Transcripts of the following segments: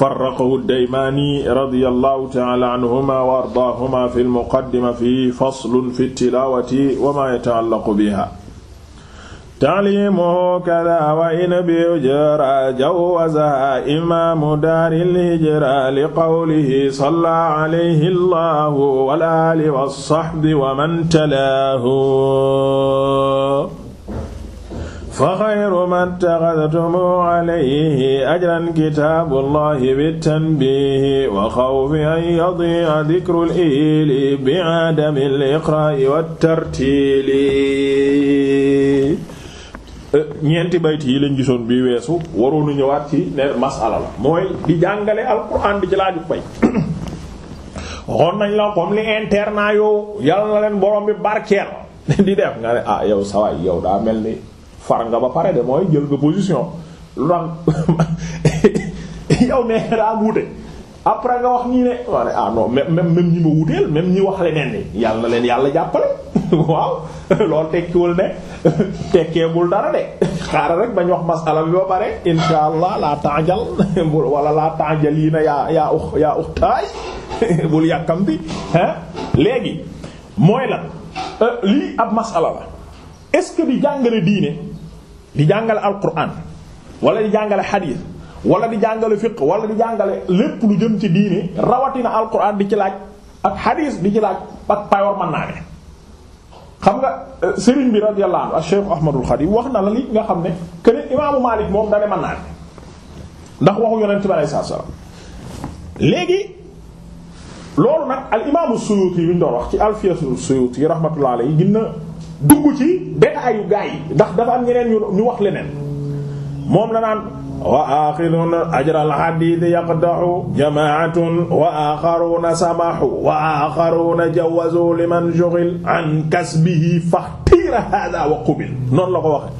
farraqahu daymaani radiyallahu ta'ala anhuma wa ardaahuma fi lmuqaddima fi faslun fi tilaawati wa ma yata'allaqu biha taalimuhu kadaa wa in bi hujra jawazaha imaamu daari lhijra liqawlihi salla alayhi allahu wal aali wa sahbi wa man talaahu wa xayru man taxadatum alayhi ajran kitaabullahi bittanbiihi wa xawfi an yadii'a dikrul iili bi adamil iqraa'i wat tartiili ñeenti bayt yi lañ gisoon bii weesu waroonu ñëwaat ci ne masala la mooy di jàngale alxuraan di ci laaju fay waxoon nañ la comme li internat yow yàlla na leen borom di def nga ne ah yow sawaay yow mel ni far nga ba pare de mooy jël nga position lu tax yow nee nga daa après nga wax ñii ne waa ne ah non même ñi ma wuteel même ñi wax leneen ni yàlla na leen yàlla jàppale waaw loolu tekkiwul ne tekkeebul dara de xaaral rek bañ wax masala bi ba pare insha laa tànjal wala laa tànjal yi na yaa yaa ux yaa ux taay bul yàkkamti hein léegi mooy la euh, lii ab masala la est-ce que di jàngale diine di jàngale alquran wala di jàngale xadiis wala di jàngale fiqh wala di jàngale lépp lu jëm ci diine rawatina al alquran di ci laaj ak xadiis di ci laaj ak payoor mën naa ne xam nga euh, sëriñ bi radiyallahu anhu Cheikh Ahmadul Khadim wax na la li nga xam ne que ne imaamu Maalik moom dane mën naa ne ndax waxu yonent bi alayhi salaam léegi loolu nag al imaamu Suyuti bi ñu doon wax ci Alfiya Suyuti yi alayhi dugg ci détaayu gaa yi ndax dafa am ñeneen ñu wax leneen moom la naan wa axiruna ajral hadith yaqda'u jama'atun wa axaruna samahu wa axaruna jawazu liman jughil an kasbihi fahtira hadha wa qubil noonu la ko waxe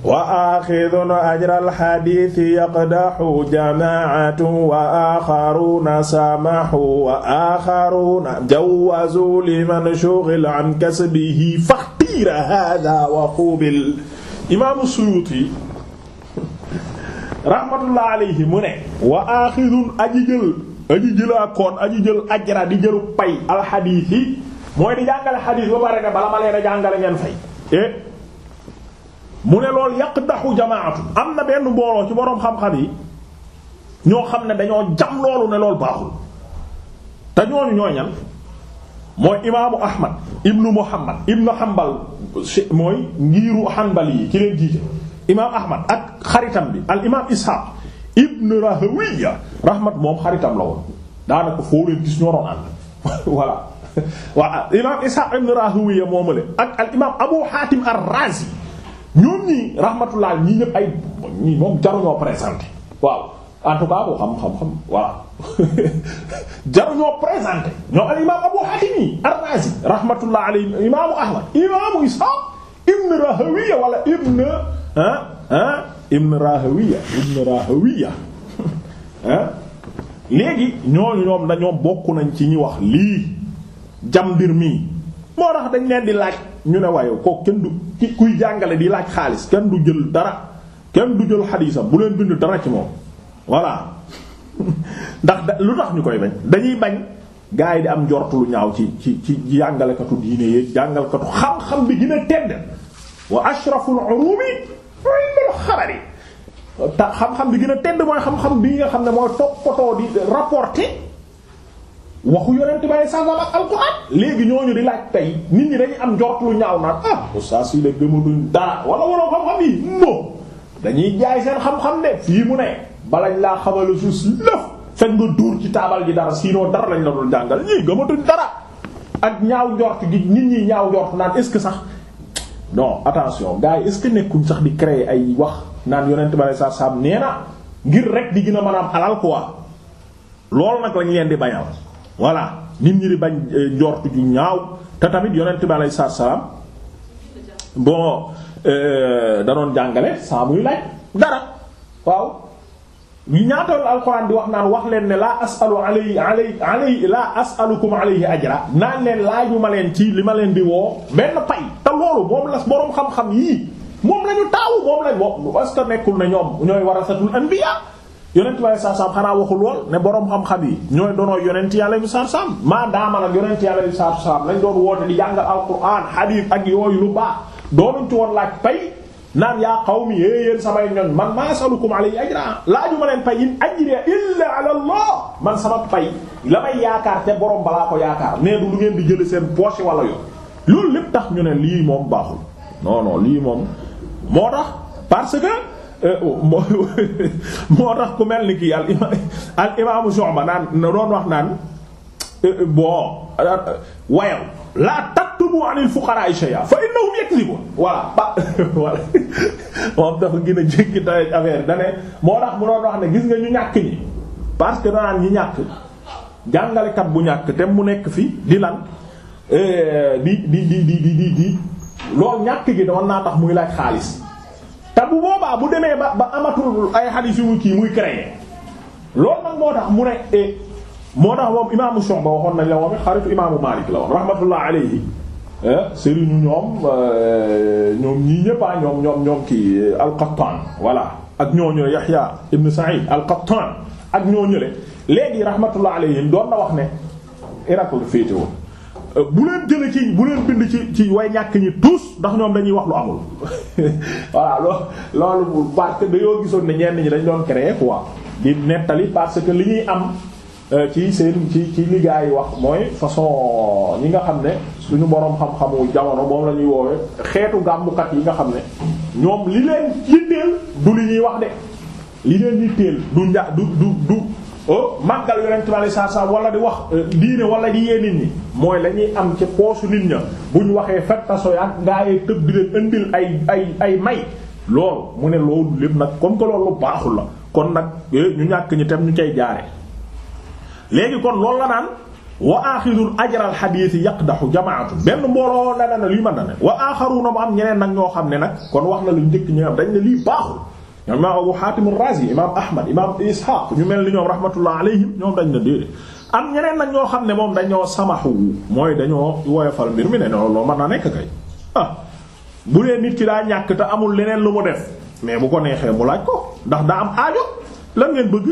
wa axiruna ajral hadith yaqda'u jama'atun wa axaruna samahu wa axaruna jawazu liman jughil an kasbihi fahtira ghayra hadha wa qubil imaamu suyuti rahmatullah alayhi mu ne wa aaxidun aji jël aji jëlaa koon jël ajra di jëlu pay alxadiis yi mooy di jàngale xadiis ba pare ne bala ma leen a jàngale ngeen fay eh mu ne loolu yaqdaxu jamaatu am na benn mbooloo ci boroom xam-xam yi ñoo xam ne dañoo jam loolu ne loolu baaxul te ñooñu ñooñan mooy imaamu ahmad ibnu muhammad ibnu hanbal mooy ngiiru hanbal yi ki leen imaam ahmad ak xaritam bi al imaam ishaq ibnu rahawiya rahmat moom xaritam la woon daanaka foo leen gis ñoroon ànd voilà waa imaam ishaq ibnu rahawiya moomale ak al imaam abu hatim ar-razi ñoom ñii rahmatullah ñii ñëpp ay ñii moom jaruñoo présenté waaw en tout cas boo xam xam-xam voilà jaru ñoo présenté ñoo al imam Abu Hatim ar-Razi rahmatullah alayhi imaamu Ahmad imaamu Ishaq ibn Rahawiya wala ibn ah ah ibn Rahawiya ibn Rahawiya ah léegi ñooñu ñoom dañoo bokk nañ ci ñi wax lii jam mbir mii moo tax dañ leen di laaj ñu ne waaye ko kenn du kuy jàngale di laaj xaalis kenn du jël dara kenn du jël xadiisam bu leen bind dara ci moom voilà ndax da lu tax ñu koy bañ dañuy bañ gaa yi di am njort lu ñaaw ci ci ci jàngalekatu diine yi jàngalekatu xam-xam bi gin a tedd wa bi gën a tedd mooy xam-xam bi nga xam ne mooy toppatoo di rapporter waxu yonent bàyyi sànqal ak alquran léegi ñooñu di laaj tey nit ñi dañuy am njort lu ñaaw naan ah oustaz si la gëmaluñ dara wala wala xam-xam yi non dañuy jaay seen xam-xam de fii mu ne. balañ laa xamala si lëf fekk nga duur ci taabal ji dara sinon dara lañ la doon jàngal ñii gëmatuñ dara ak ñaaw njort gi nit ñi ñaaw njort naan est-ce que sax non attention gars yi est nekkuñ sax di créer ay wax naan yonent bale sa saam nee na ngir rek di gën a mën a am alal quoi loolu nag lañ leen di bañal voilà nit ñi di bañ eh, njort ju ñaaw te tamit yonent bi alayhi salaam bon euh, da jàngale saa muy laaj dara waaw ñu ñaatoon alxuraan di wax naan wax leen ne laa asalu alayhi alayhi alayhi laa asalukum alayhi ajra naa leen laaj laaju ma leen ci li ma leen di woo benn pay te loolu moom la boroom xam-xam yii moom la ñu taawu moom lañ wo parce que nekkul ne ñoom ñooy warasatul anbiya yonent bi saa saam xanaa waxul lool ne boroom xam-xam yi ñooy doonoo yonent yàlla yu saa saam maa daama nag yonent yàlla yu saa saam lañ doon woote di jàngal alxuraan hadith ak yooyu lu baax doonuñ ci woon laaj naan yaa qawmi yee yéen samay ñoñ man maa asalukum alayhi ajra laaju ma leen pay in ajriya illa ala man sama pay la may yaakaar te borom balaa ko yaakaar nee du lu ngeen di jële seen poche wala yoon loolu lépp tax ñu ne lii moom baaxul non non lii moom moo tax parce que. Euh, oh, moo tax ku mel ni kii al imaam al imaamu Shu'ba naan doon wax naan euh, bon euh, wayaw laa tat taktumu anil fuqara'i shay'a fa innahum yakzibun voilà moom dafa gën a jéggi da moo tax mu doon wax ne gis nga ñu ñàkk parce que danaan ñi ñàkk bu ñàkk te mu nekk fi di lan eh, di di di di di ñàkk gi doon naa tax muy laaj xaalis te boobaa bu demee ba ba amatul ay xadiis yu mu kii muy créer loolu nag moo tax mu ne eh, moo tax moom imaamu Shu'ba waxoon nañ la xaritu imaamu Maalik la woon rahmatullah alayhi Eh, sëriñu ñoom eh, ñoom ñii ñëppaa ah, ñoom ñoom ñoom ki eh, al-Qattan voilà ak ñoo le Yahya ibn Sa'id al-Qattan ak ñooñu le léegi rahmatullah alayhim doon na wax ne Irakl féete woon bu leen jële ci bu bind ci ci way ñàkk ñi tous ndax ñoom dañuy wax lu amul voilà loo loolu parce que dañoo gisoon na ñenn ñi dañ doon créer quoi di nettali parce li ñuy am Euh, ci seen ci ci liggaay wax mooy façon ñi nga xam ne suñu boroom xam-xamu jamono moom la ñuy woowee xeetu gàmmukat yi nga xam ne ñoom li leen yitteel du li ñuy wax de li leen yitteel du nja du du du euh, màggal yonent bi saa saa wala di wax euh, diine wala di yee nit ñi mooy la ñuy am ci poosu nit ña bu ñu waxee fettaso ak ngaa yee tëb di leen indil ay ay ay may loolu mu ne loolu lépp nag comme que loolu baaxul la kon nag eh, ñu ñàkk ñi tam ñu cay jaare léegi kon loolu la naan wa axirun ajral xadiis yaqdaxu jamaatu benn mbooloo la na lii mën na ne wa axaruna mu am ñeneen nag ñoo xam ne nag kon wax na lu njëkk ñu am dañ lii baaxul ñoom imaam Abu Xaatim Raazi imaam Ahmad imaam Isxaaq ñu mel ni ñoom rahmatullah alayhim ñoom dañ ne déedéet am ñeneen nag ñoo xam ne moom dañoo samaxu mooy dañoo woyofal mbir mi ne loolu mën na nekk kay ah, bu dee nit ki daa ñàkk te amul leneen lu mu def mais bu ko neexee mu laaj ko ndax daa am aajo lan ngeen bëgg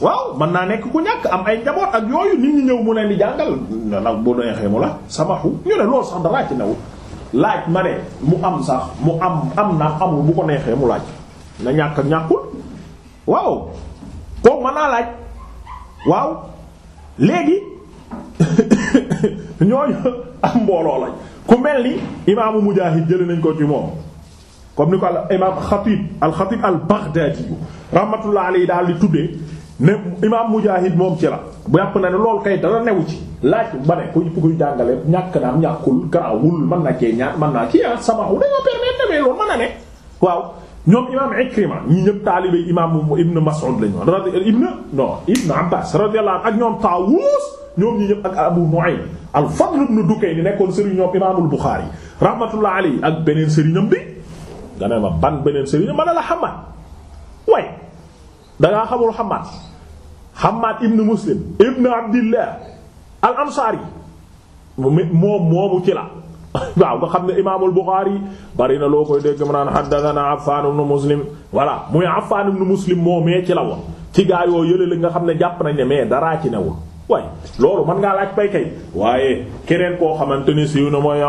waaw mën naa nekk ku ñàkk am ay njaboot ak yooyu nit ñi ñëw mu ne ni jàngal na nag bu neexee mu la samaxu ñu ne loolu sax daraa ci new laaj ma ne mu am sax mu am am na amul bu ko neexee mu laaj na ñàkk ak ñàkkul waaw kooku mën naa laaj waaw léegi ñooñu am mbooloo lañ ku mel ni imaamu Mujaahid jëlee nañ ko ci moom comme ni ko al imaam Xatib al Xatib al Baghdadi rahmatullah alayhi daal di tuddee. ne imaam Mujaahid moom ci la bu yàpp na ne loolu kay dara newu ci laaj ba ne ku kuy jàngale ñàkk na am ñàkkul garaawul mën na cee ñaar mën naa ci ah samahu dañoo permettre mais loolu mën na ne waaw ñoom imaam Ikrima ñi ñëpp taalibe imaam Ibn Mas'ud lañu ibn non Ibn Abbas ak ñoom Taawus ñoom ñi ñëpp ak Abu Nu'aym al-Fadl ibn Dukayn nekkoon sëriñ ñoom imaamul Bukhari rahmatullah alayhi ak beneen sëriñam bi nga ne ma ban beneen sëriñam ma ne la Hammad waaye dangaa xamul Hammaad ibn Muslim ibn Abdillah al Ansaari moom moomu ci la waaw nga xam ne imaamul Buxaari bari na loo koy dégg mu naan haddathana Affaan ibn Muslim voilà muy Affaan ibn Muslim moo mee ci la ci gaa yoo yële la nga xam ne jàpp nañ ne mais daraa ci newul waaye loolu mën ngaa laaj baykay waaye keneen koo xamante ni siiw na mooy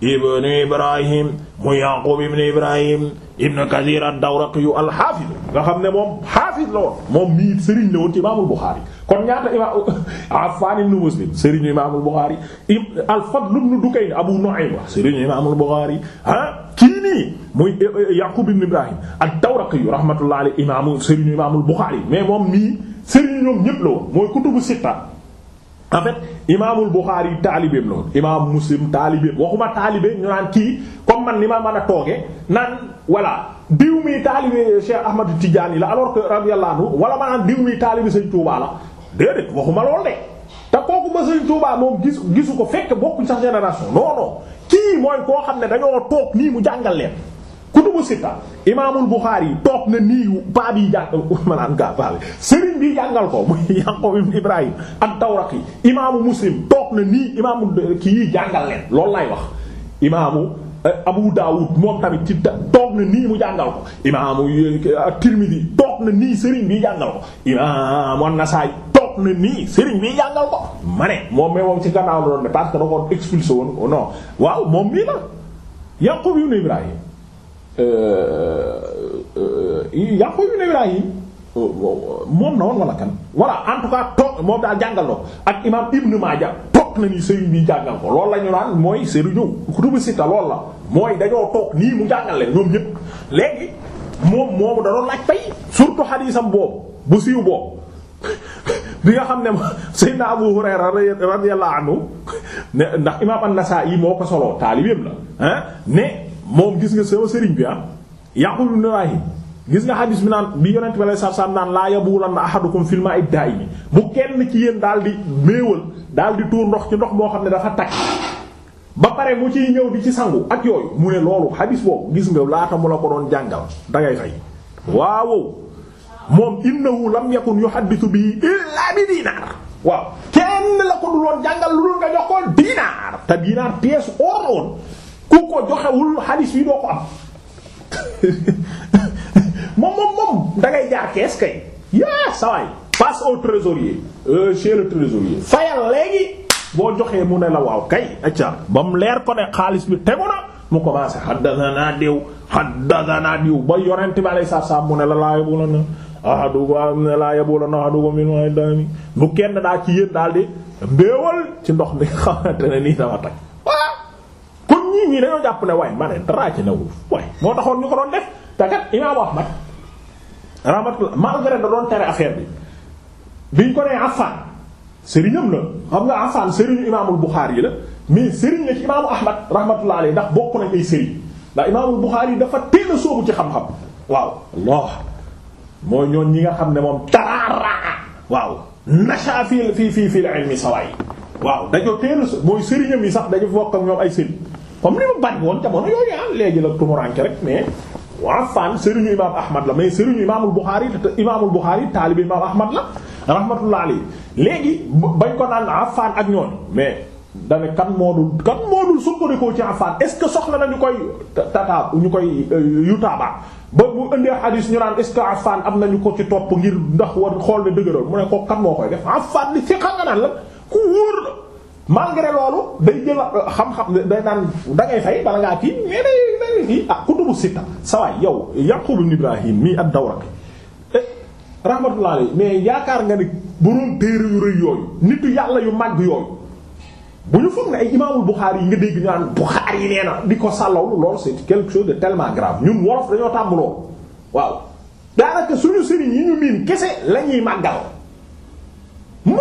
ibn Ibrahim muy Yaqub ibn Ibrahim ibn Kathir ad-Dawraqi yu al-Hafiz nga xam ne moom hafiz la woon moom mii Serigne la woon ci Imaamul Bukhari kon ñaata imaam Affan ibn Muslim Serigne Imaamul Bukhari al-Fadl ibn Dukayn Abu Nu'aym Serigne Imaamul Bukhari ah kii nii muy e, e, Yaqub ibn Ibrahim ad-Dawraqi yu rahmatullahi alayhi imaamu Serigne Imaamul Bukhari mais moom mii Serigne ñoom ñëpp la woon mooy kutubu sitta en fait imaamul Buxaari taalibeem la woon imaam Muslim taalibeem waxuma taalibe ñu naan kii comme man ni ma man a tooge naan voilà diw mi taalibe Cheikh Ahmad Tidiane la alors que radiyallahu anhu wala ma naan diw mi taalibe Sëñ Tuubaa la déedéet waxuma lool de te kooku ba Sëñ Tuubaa moom gisu gisu ko fekk bokkuñ sax génération non kii mooy koo xam ne dañoo toog nii mu jàngal kutubu sitta imaamul Buxaari yi toog na nii paa bi jàng maanaam gaa paa sëriñ bi jàngal ko muy Yaqub ibn Ibrahim ak Tawraqi imaamu Muslim toog na nii imaamu kii jàngal leen loolu lay wax imaamu eh, Abu Dawud moom tamit ci toog na nii mu jàngal ko imaamu eh, Tirmidi toog na nii sëriñ bi jàngal ko imaamu an toog na nii sëriñ bi jàngal ko ma ne moom mais moom ci gannaaw la ne parce que da ko expulsé woon non waaw moom mii la Yaqub ibn Ibrahim Yaqub ibn yi moom na woon wala kan voilà en tout cas toog moom daal jàngal na ak imaam Ibn Maaja toog na ni sëriñ bi jàngal ko loolu la ñu naan mooy sëriñu kutubu sitta loolu la mooy dañoo toog nii mu jàngal leen ñoom ñëpp léegi moom moomu da doon laaj fay surtout xadiisam boobu bu siiw boobu bi nga xam ne Seydina Abu Hurayra radiyallahu anhu ne ndax imaam An-Nasaa'i moo ko soloo taalibeem la ah ne moom gis nga sama sëriñ bi ah yaqul ibn Rahim gis nga xadis bi naan bi yonent bi alayhi salaam naan laa yabulanna ahadukum fil ma'i da'imi bu kenn ci yéen daal di méewal daal di tuur ndox ci ndox moo xam ne dafa takk ba pare mu ciy ñëw di ci sangu ak yooyu mu ne loolu xadis boobu gis nga laata mu la ko doon jàngal dangay fay waaw moom innahu lam yakun yuhaddithu bi illa bi dinaar waaw kenn la ko du loon jàngal lu dul nga jox ku ko joxewul xadiis yi doo ko am moom moom moom dangay jaar kees kay yaa sawaay passe au trésorier euh, chez le trésorier fayal léegi boo joxee mu ne la waaw kay acca ba mu leer ko ne xaalis bi tegu na mu commencé naa diw xaddasanaa diw ba yonent bi alay saab mu ne la laa yóbbu la na ahadu laa yóbbu la na ahadu ko minu ay daami bu kenn daa ci yéen daal di mbéewal ci ndox mi xamante ne nii dama takk ñi dañoo jàpp ne waaye ma ne dara ci newul waaye moo taxoon ñu ko doon def te kat imaamu Ahmad rahmatullah malgré da doon tere affaire bi biñ ko nee Affan sëriñam na xam nga Affan sëriñu imaamul yi la mais sëriñ la ci imaamu Ahmad rahmatullah alayhi ndax bokk nañ ay sëriñ ndax imaamul Buxaari yi dafa teel ci xam-xam waaw Allah ñi nga xam ne moom taraara waaw nasha fi fi fi fi al ilmi sawaay waaw mooy sëriñam yi sax dañu bokk ak ñoom ay sëriñ comme li ma bari woon jamono yooyu ah léegi la tumuranke rek mais waa Fane sëriñu imaam Ahmad la mais sëriñu imaamul Bukhari te imaamul Bukhari taalibi imaam Ahmad la rahmatullah alayhi léegi bañ ko naan Affan ah, ak ñoon mais dane kan moo dul kan moo dul sukkandikoo ci Affan ah, est ce que soxla na ñu koy tataab ñu koy euh, yutaaba ba mu indi hadis ñu naan est ce que Affan ah, am ko ci topp ngir ndax war xool ne dëgëral mu ne ko kan moo koy def Affan li ci xam malgré loolu day jël euh, xam-xam day naan da ngay fay bala ngaa kii mais day day kii ah kutubu sitta sawaay yow Yaqub ibn Ibrahim mii ad-Dawraqi eh, rahmatullah alayhi mais yaakaar nga ni borom téere yu rëy yooyu nitu yàlla yu màgg yooyu bu ñu foog ne ay imaamul Buxaari yi nga dégg ñu naan Buxaari yi nee na di ko sàllawlu loolu c'est quelque de tellement grave ñun wolof dañoo tàmm loolu waaw daanaka suñu sëriñ yi ñu miin kese la ñuy màggal mu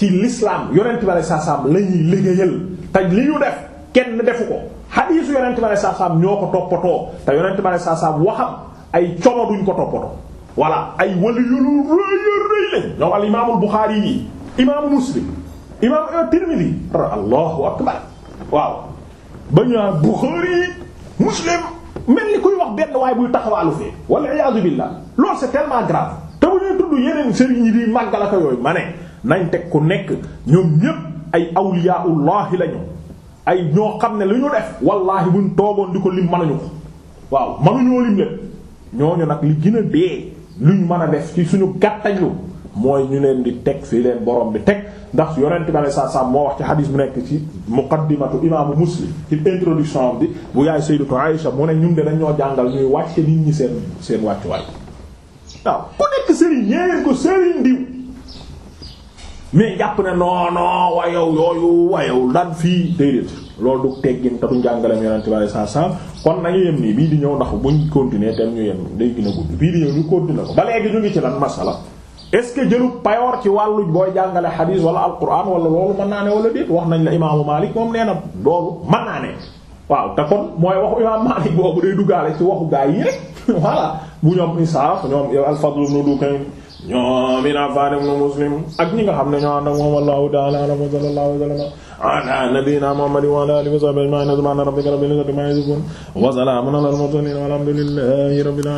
ci l'islam yonent bi aleyhi salaam la ñuy liggéeyal te li ñu def kenn defu ko xadiisu yonent bi aleyhi ñoo ko toppatoo te yonent bi aleyhi salaam waxam ay como duñ ko toppatoo voilà ay wali yulu rëy rëy lañ ñoom al imaamul Buxaari yi imaamu Muslim imaam at-Tirmidhi euh, allahu akbar waaw ba ñaa Buxaari Muslim mel ni kuy wax benn waaye buy taxawaalu fee wal iyaadu billah loolu c'est tellement grave te bu ñuy tudd yeneen sëriñ yi di yooyu ma ne nañ teg ku nekk ñoom ñépp ay awliyaullahi lañu ay ñoo xam ne lu ñu def wallaahi buñ toogoon di ko lim mënuñu ko waaw mënuñoo lim lépp ñooñu nag li gën a dee luñ mën a def ci suñu gàttañlu mooy ñu leen di teg fi leen borom bi teg ndax yonent bi sa salaam moo wax ci hadis bu nekk ci muqaddimatu imaamu muslim ci introduction bi bu yaay sayyidatu Aïsha mu ne ñun de dañoo jàngal ñuy wàcce nit ñi seen seen wàccuwaay waaw ku nekk sëriñ ñee leen ko sëriñ diw mais jàpp ne non non wayow yooyu wayow daan fii déedéet loolu du teggin te du njàngaleem yonent bi alayhi salaam kon nañu yem nii bii di ñëw ndax buñ continuer tem ñu yem day gën a gudd bii di ñëw ñu continuer ko ba léegi ñu ngi ci la masala est-ce que jëlu payoor ci wàllu booy jàngale xadiis wala alquran wala loolu mën naa ne wala déet wax nañ la imaamu Maalik moom na loolu mën naa ne waaw te kon mooy waxu imaamu Maalik boobu day duggaale ci waxu gaa yi rek voilà bu ñoom isaaf ñoom al-Fadl ibn ñoom min Affan ibn Muslim ak ñi nga xam ne ñoo ànd ak moom wallahu ta'ala a'lam wa sallallahu alayhi wa sallam ala nabiyyina Muhammadin wa ala alihi wa sahbihi ajma'in subhana rabbika rabbil izzati amma yasifun wa salamun ala al mursalin walhamdulillahi rabbil alamin